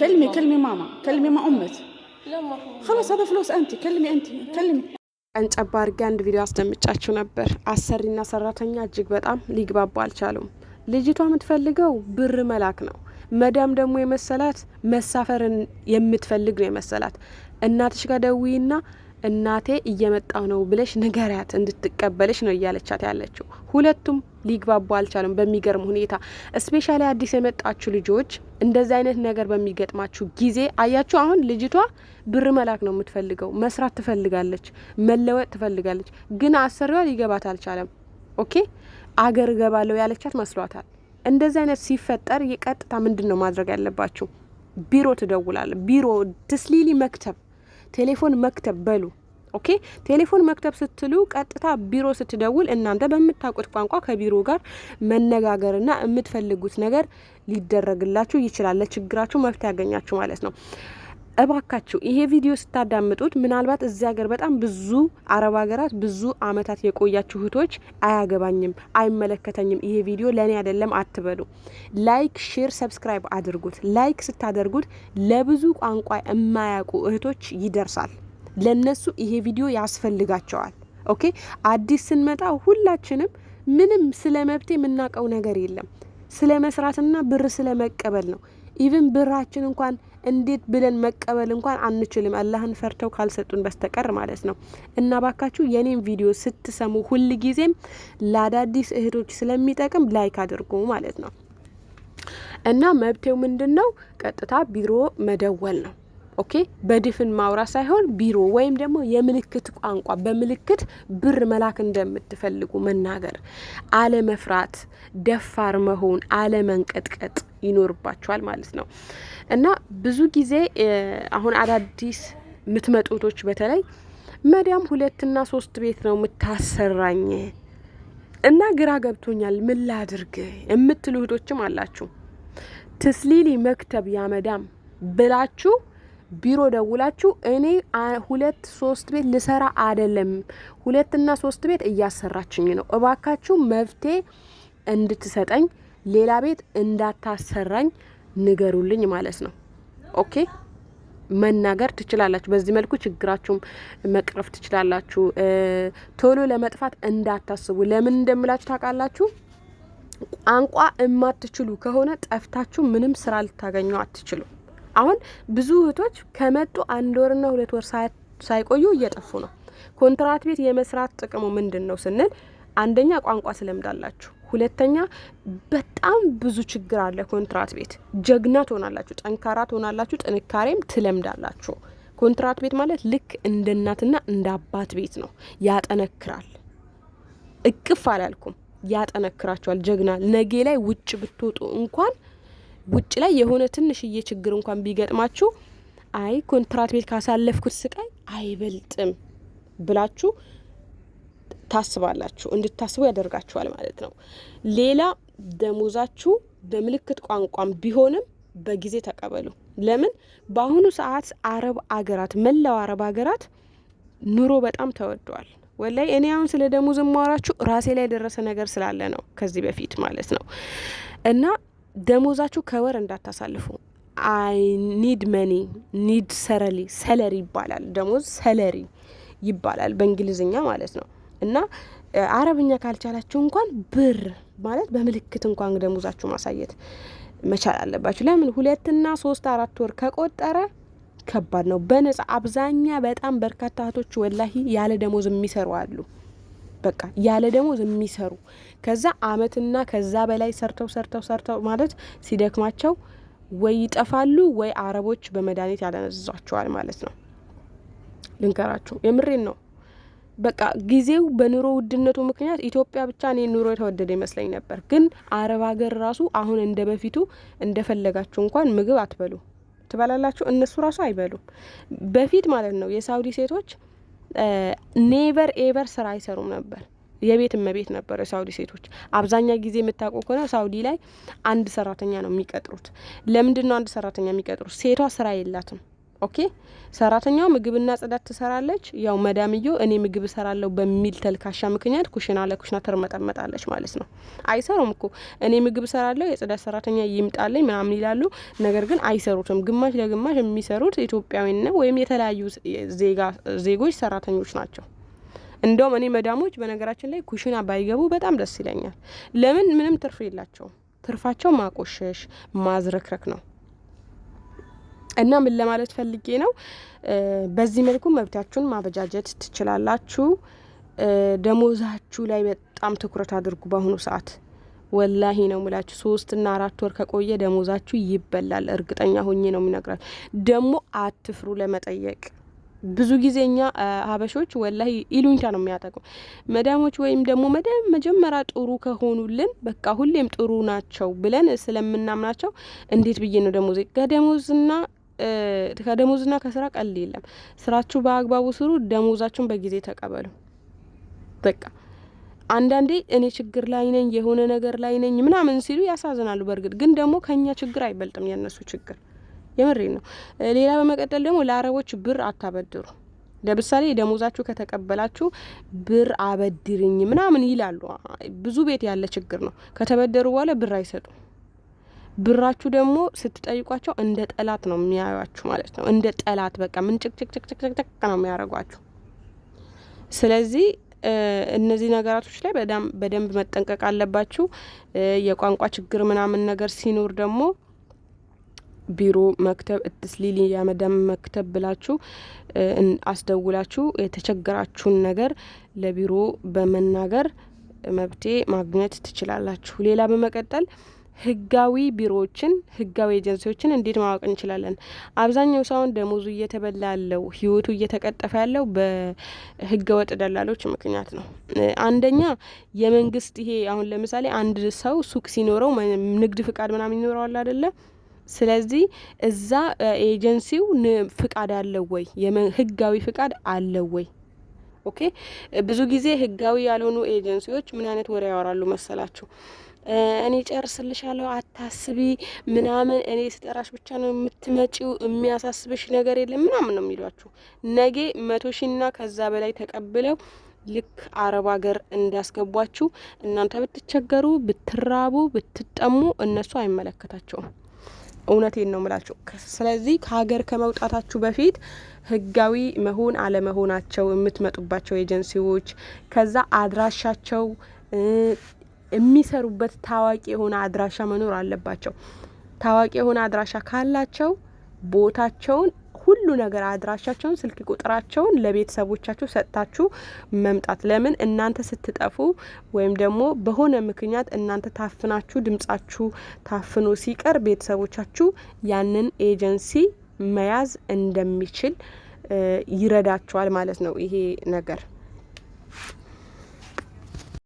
كلمي كلمي ماما كلمي ما امك خلاص هذا فلوس انت كلمي انت كلمي ቀንጨባ አድርጌ ቪዲዮ አስደምጫችሁ ነበር። አሰሪና ሰራተኛ እጅግ በጣም ሊግባቡ አልቻሉም። ልጅቷ የምትፈልገው ብር መላክ ነው። መዳም ደግሞ የመሰላት መሳፈርን የምትፈልግ ነው የመሰላት። እናትሽ ጋር ደዊና እናቴ እየመጣው ነው ብለሽ ንገሪያት እንድትቀበለሽ ነው እያለቻት ያለችው። ሁለቱም ሊግባቡ አልቻለም። በሚገርም ሁኔታ እስፔሻሊ አዲስ የመጣችሁ ልጆች እንደዚህ አይነት ነገር በሚገጥማችሁ ጊዜ አያችሁ። አሁን ልጅቷ ብር መላክ ነው የምትፈልገው፣ መስራት ትፈልጋለች፣ መለወጥ ትፈልጋለች። ግን አሰሪዋ ሊገባት አልቻለም። ኦኬ አገር እገባለሁ ያለቻት መስሏታል። እንደዚህ አይነት ሲፈጠር የቀጥታ ምንድን ነው ማድረግ ያለባችሁ? ቢሮ ትደውላለ። ቢሮ ትስሊሊ መክተብ፣ ቴሌፎን መክተብ በሉ ኦኬ ቴሌፎን መክተብ ስትሉ ቀጥታ ቢሮ ስትደውል እናንተ በምታውቁት ቋንቋ ከቢሮ ጋር መነጋገርና የምትፈልጉት ነገር ሊደረግላችሁ ይችላል። ለችግራችሁ መፍትሄ ያገኛችሁ ማለት ነው። እባካችሁ ይሄ ቪዲዮ ስታዳምጡት ምናልባት እዚህ ሀገር በጣም ብዙ አረብ ሀገራት ብዙ አመታት የቆያችሁ እህቶች አያገባኝም፣ አይመለከተኝም፣ ይሄ ቪዲዮ ለእኔ አይደለም አትበሉ። ላይክ፣ ሼር፣ ሰብስክራይብ አድርጉት። ላይክ ስታደርጉት ለብዙ ቋንቋ የማያውቁ እህቶች ይደርሳል። ለነሱ ይሄ ቪዲዮ ያስፈልጋቸዋል። ኦኬ አዲስ ስንመጣ ሁላችንም ምንም ስለ መብቴ የምናውቀው ነገር የለም ስለ መስራትና ብር ስለ መቀበል ነው። ኢቭን ብራችን እንኳን እንዴት ብለን መቀበል እንኳን አንችልም፣ አላህን ፈርተው ካልሰጡን በስተቀር ማለት ነው። እና ባካችሁ የኔም ቪዲዮ ስትሰሙ ሁል ጊዜም ለአዳዲስ እህቶች ስለሚጠቅም ላይክ አድርጉ ማለት ነው። እና መብቴው ምንድን ነው? ቀጥታ ቢሮ መደወል ነው። ኦኬ በድፍን ማውራት ሳይሆን ቢሮ ወይም ደግሞ የምልክት ቋንቋ በምልክት ብር መላክ እንደምትፈልጉ መናገር፣ አለመፍራት፣ ደፋር መሆን፣ አለመንቀጥቀጥ ይኖርባቸዋል ማለት ነው። እና ብዙ ጊዜ አሁን አዳዲስ የምትመጡ በተለይ መዳም ሁለትና ሶስት ቤት ነው የምታሰራኝ እና ግራ ገብቶኛል ምን ላድርግ የምትሉ እህቶችም አላችሁ። ትስሊሊ መክተብ ያመዳም ብላችሁ ቢሮ ደውላችሁ እኔ ሁለት ሶስት ቤት ልሰራ አይደለም ሁለትና ሶስት ቤት እያሰራችኝ ነው፣ እባካችሁ መፍትሄ እንድትሰጠኝ ሌላ ቤት እንዳታሰራኝ ንገሩልኝ ማለት ነው። ኦኬ መናገር ትችላላችሁ። በዚህ መልኩ ችግራችሁም መቅረፍ ትችላላችሁ። ቶሎ ለመጥፋት እንዳታስቡ። ለምን እንደምላችሁ ታውቃላችሁ? ቋንቋ እማትችሉ ከሆነ ጠፍታችሁ ምንም ስራ ልታገኙ አትችሉ። አሁን ብዙ እህቶች ከመጡ አንድ ወርና ሁለት ወር ሳይቆዩ እየጠፉ ነው። ኮንትራት ቤት የመስራት ጥቅሙ ምንድን ነው ስንል አንደኛ ቋንቋ ትለምዳላችሁ። ሁለተኛ በጣም ብዙ ችግር አለ። ኮንትራት ቤት ጀግና ትሆናላችሁ፣ ጠንካራ ትሆናላችሁ፣ ጥንካሬም ትለምዳላችሁ። ኮንትራት ቤት ማለት ልክ እንደ እናትና እንደ አባት ቤት ነው። ያጠነክራል። እቅፍ አላልኩም፣ ያጠነክራችኋል። ጀግና ነጌ ላይ ውጭ ብትወጡ እንኳን ውጭ ላይ የሆነ ትንሽዬ ችግር እንኳን ቢገጥማችሁ አይ ኮንትራት ቤት ካሳለፍኩት ስቃይ አይበልጥም ብላችሁ ታስባላችሁ እንድታስቡ ያደርጋችኋል ማለት ነው። ሌላ ደሞዛችሁ በምልክት ቋንቋም ቢሆንም በጊዜ ተቀበሉ። ለምን በአሁኑ ሰዓት አረብ አገራት መላው አረብ አገራት ኑሮ በጣም ተወዷል። ወላይ እኔ አሁን ስለ ደሞዝ ማወራችሁ ራሴ ላይ የደረሰ ነገር ስላለ ነው፣ ከዚህ በፊት ማለት ነው እና ደሞዛችሁ ከወር እንዳታሳልፉ። አይ ኒድ መኒ ኒድ ሰረሊ ሰለሪ ይባላል። ደሞዝ ሰለሪ ይባላል በእንግሊዝኛ ማለት ነው። እና አረብኛ ካልቻላችሁ እንኳን ብር ማለት በምልክት እንኳን ደሞዛችሁ ማሳየት መቻል አለባችሁ። ለምን ሁለትና ሶስት አራት ወር ከቆጠረ ከባድ ነው። በነጻ አብዛኛ በጣም በርካታ እህቶች ወላሂ ያለ ደሞዝ የሚሰሩ አሉ። በቃ ያለ ደሞዝ የሚሰሩ ከዛ አመትና ከዛ በላይ ሰርተው ሰርተው ሰርተው ማለት ሲደክማቸው ወይ ይጠፋሉ ወይ አረቦች በመድኃኒት ያደነዝዟቸዋል ማለት ነው። ልንገራችሁ የምሬን ነው። በቃ ጊዜው በኑሮ ውድነቱ ምክንያት ኢትዮጵያ ብቻ እኔ ኑሮ የተወደደ ይመስለኝ ነበር፣ ግን አረብ ሀገር ራሱ አሁን እንደ በፊቱ እንደፈለጋችሁ እንኳን ምግብ አትበሉ ትበላላችሁ፣ እነሱ ራሱ አይበሉም። በፊት ማለት ነው የሳውዲ ሴቶች ኔቨር ኤቨር ስራ አይሰሩም ነበር። የቤት እመቤት ነበሩ የሳውዲ ሴቶች። አብዛኛ ጊዜ የምታውቁ ከሆነ ሳውዲ ላይ አንድ ሰራተኛ ነው የሚቀጥሩት። ለምንድን ነው አንድ ሰራተኛ የሚቀጥሩት? ሴቷ ስራ የላትም። ኦኬ ሰራተኛው ምግብና ጽዳት ትሰራለች። ያው መዳምዮ እኔ ምግብ እሰራለሁ በሚል ተልካሻ ምክንያት ኩሽና ለኩሽና ትርመጠመጣለች ማለት ነው። አይሰሩም እኮ እኔ ምግብ እሰራለሁ የጽዳት ሰራተኛ ይምጣለኝ ምናምን ይላሉ። ነገር ግን አይሰሩትም። ግማሽ ለግማሽ የሚሰሩት ኢትዮጵያዊና ወይም የተለያዩ ዜጎች ሰራተኞች ናቸው። እንደውም እኔ መዳሞች በነገራችን ላይ ኩሽና ባይገቡ በጣም ደስ ይለኛል። ለምን ምንም ትርፍ የላቸውም። ትርፋቸው ማቆሸሽ ማዝረክረክ ነው። እና ምን ለማለት ፈልጌ ነው፣ በዚህ መልኩ መብታችሁን ማበጃጀት ትችላላችሁ። ደሞዛችሁ ላይ በጣም ትኩረት አድርጉ። በአሁኑ ሰዓት ወላሂ ነው ምላችሁ፣ ሶስት እና አራት ወር ከቆየ ደሞዛችሁ ይበላል። እርግጠኛ ሆኜ ነው የምነግራችሁ። ደግሞ አትፍሩ ለመጠየቅ። ብዙ ጊዜ እኛ ሀበሾች ወላሂ ኢሉኝታ ነው የሚያጠቁ መዳሞች ወይም ደግሞ መዳም መጀመሪያ ጥሩ ከሆኑልን በቃ ሁሌም ጥሩ ናቸው ብለን ስለምናምናቸው እንዴት ብዬ ነው ደሞዝ ከደሞዝና ከደሞዝና ከስራ ቀል የለም። ስራችሁ በአግባቡ ስሩ፣ ደሞዛችሁን በጊዜ ተቀበሉ። በቃ አንዳንዴ እኔ ችግር ላይ ነኝ የሆነ ነገር ላይ ነኝ ምናምን ሲሉ ያሳዝናሉ። በእርግጥ ግን ደግሞ ከእኛ ችግር አይበልጥም የእነሱ ችግር የምሬ ነው። ሌላ በመቀጠል ደግሞ ለአረቦች ብር አታበድሩ። ለምሳሌ ደሞዛችሁ ከተቀበላችሁ ብር አበድርኝ ምናምን ይላሉ። ብዙ ቤት ያለ ችግር ነው። ከተበደሩ በኋላ ብር አይሰጡም። ብራችሁ ደግሞ ስትጠይቋቸው እንደ ጠላት ነው የሚያዩችሁ ማለት ነው። እንደ ጠላት በቃ ምን ጭቅጭቅጭቅጭቅጭቅ ነው የሚያደርጓችሁ። ስለዚህ እነዚህ ነገራቶች ላይ በደንብ መጠንቀቅ አለባችሁ። የቋንቋ ችግር ምናምን ነገር ሲኖር ደግሞ ቢሮ፣ መክተብ እድስ ያመዳም መክተብ ብላችሁ አስደውላችሁ የተቸገራችሁን ነገር ለቢሮ በመናገር መብቴ ማግኘት ትችላላችሁ። ሌላ በመቀጠል ህጋዊ ቢሮዎችን ህጋዊ ኤጀንሲዎችን እንዴት ማወቅ እንችላለን? አብዛኛው ሰውን ደሞዙ እየተበላ ያለው ህይወቱ እየተቀጠፈ ያለው በህገ ወጥ ደላሎች ምክንያት ነው። አንደኛ የመንግስት ይሄ አሁን ለምሳሌ አንድ ሰው ሱቅ ሲኖረው ንግድ ፍቃድ ምናምን ይኖረዋል አደለ? ስለዚህ እዛ ኤጀንሲው ፍቃድ አለው ወይ? ህጋዊ ፍቃድ አለው ወይ? ኦኬ ብዙ ጊዜ ህጋዊ ያልሆኑ ኤጀንሲዎች ምን አይነት ወሬ ያወራሉ መሰላችሁ? እኔ ጨርስልሻለሁ፣ አታስቢ ምናምን፣ እኔ ስጠራሽ ብቻ ነው የምትመጪው፣ የሚያሳስብሽ ነገር የለም ምናምን ነው የሚሏችሁ። ነገ መቶ ሺና ከዛ በላይ ተቀብለው ልክ አረብ ሀገር እንዳስገቧችሁ እናንተ ብትቸገሩ፣ ብትራቡ፣ ብትጠሙ እነሱ አይመለከታቸውም። እውነቴን ነው ምላቸው። ስለዚህ ከሀገር ከመውጣታችሁ በፊት ህጋዊ መሆን አለመሆናቸው የምትመጡባቸው ኤጀንሲዎች፣ ከዛ አድራሻቸው የሚሰሩበት ታዋቂ የሆነ አድራሻ መኖር አለባቸው። ታዋቂ የሆነ አድራሻ ካላቸው ቦታቸውን ሁሉ ነገር አድራሻቸውን፣ ስልክ ቁጥራቸውን ለቤተሰቦቻችሁ ሰጥታችሁ መምጣት። ለምን እናንተ ስትጠፉ ወይም ደግሞ በሆነ ምክንያት እናንተ ታፍናችሁ ድምጻችሁ ታፍኖ ሲቀር ቤተሰቦቻችሁ ያንን ኤጀንሲ መያዝ እንደሚችል ይረዳቸዋል ማለት ነው ይሄ ነገር።